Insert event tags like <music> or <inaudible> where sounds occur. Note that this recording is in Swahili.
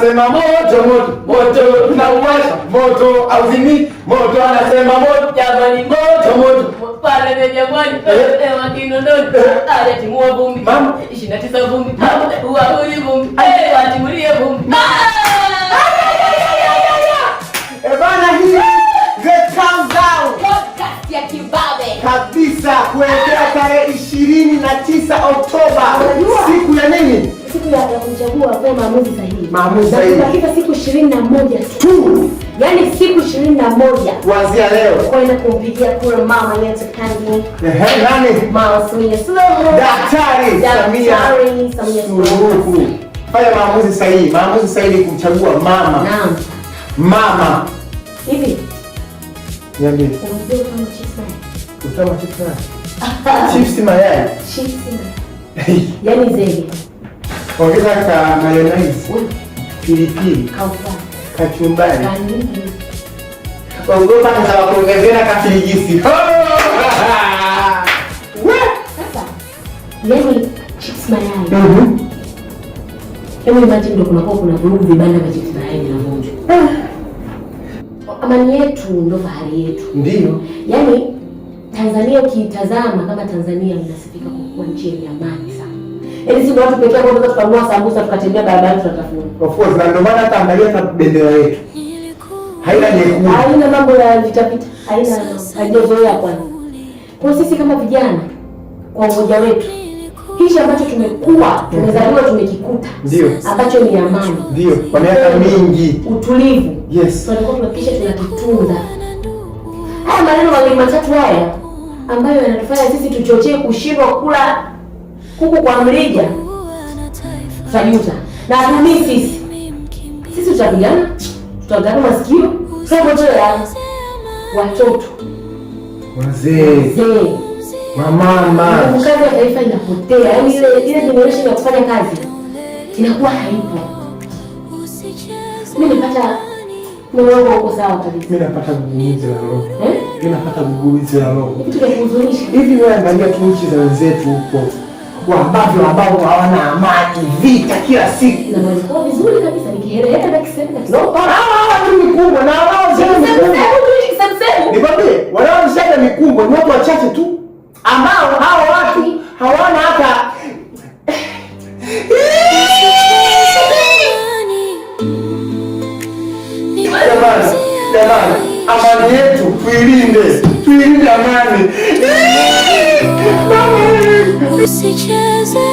anasema moto moto moto unauwasha moto au zini moto anasema moto jamani moto moto pale ni jamani eh. pale wa Kinondoni eh. ale timu wa vumbi mama 29 vumbi huwa huyu vumbi eh atimulie vumbi ebana eh, hii the calm down podcast ya kibabe kabisa kuelekea tarehe 29 Oktoba kuchagua kwa maamuzi sahihi. Maamuzi sahihi. Katika siku 21 tu. Yaani siku 21. Kuanzia leo. Kwenda kumpigia kura mama yetu kani. Ehe, nani? Mama Samia Suluhu. Daktari Samia. Samia Suluhu. Fanya maamuzi sahihi. Maamuzi sahihi ni kumchagua mama. Naam. Mama. Hivi. Niambie. Unajua kama chips Utama chips mayai? mayai. Chips Yaani zeni ongeza ka mayonnaise, pilipili, kachumbari, ogopa nitawakuongezea kafiligisi. <laughs> Yani chips mayai. Hebu mhm. yaani imagine ndio kunakuwa kuna vurugu vibanda vya chips mayai vinavunjwa. Ah. Amani yetu ndo fahari yetu. Ndio. Yaani Tanzania ukiitazama kama Tanzania mnasifika kwa kuwa nchi ya amani. Yaani si watu pekee ambao tunaweza kununua sambusa tukatembea barabarani tunatafuna. Of course na ndio maana hata angalia hata bendera yetu. Haina nyekundu. Haina mambo ya vitapita. Haina haijazoea kwani. Kwa sisi kama vijana kwa umoja wetu hichi ambacho tumekuwa tumezaliwa tumekikuta, ndio ambacho ni amani, ndio kwa miaka mingi utulivu. Yes, tulikuwa tunahakikisha tunakitunza. Haya maneno mawili matatu haya ambayo yanatufanya sisi tuchochee kushindwa kula huku kwa mrija tutajuta na tumi sisi sisi, tutapigana tutagana masikio saotoya watoto wazee wamama, kazi ya taifa inapotea, yaani ile generation ya kufanya kazi inakuwa haipo. Mimi nipata mwanangu huko sawa kabisa. Mimi napata gugumizi la roho. Eh? Mimi napata gugumizi la roho. Kitu cha kuhuzunisha. Hivi wewe angalia tu nchi za wenzetu huko ambavyo ambao hawana amani, vita kila siku. Nikwambie, wanaoshika mikumbwe ni watu wachache tu, ambao hao watu hawana hata amani. Yetu tuilinde, tuilinde amani. Only searches.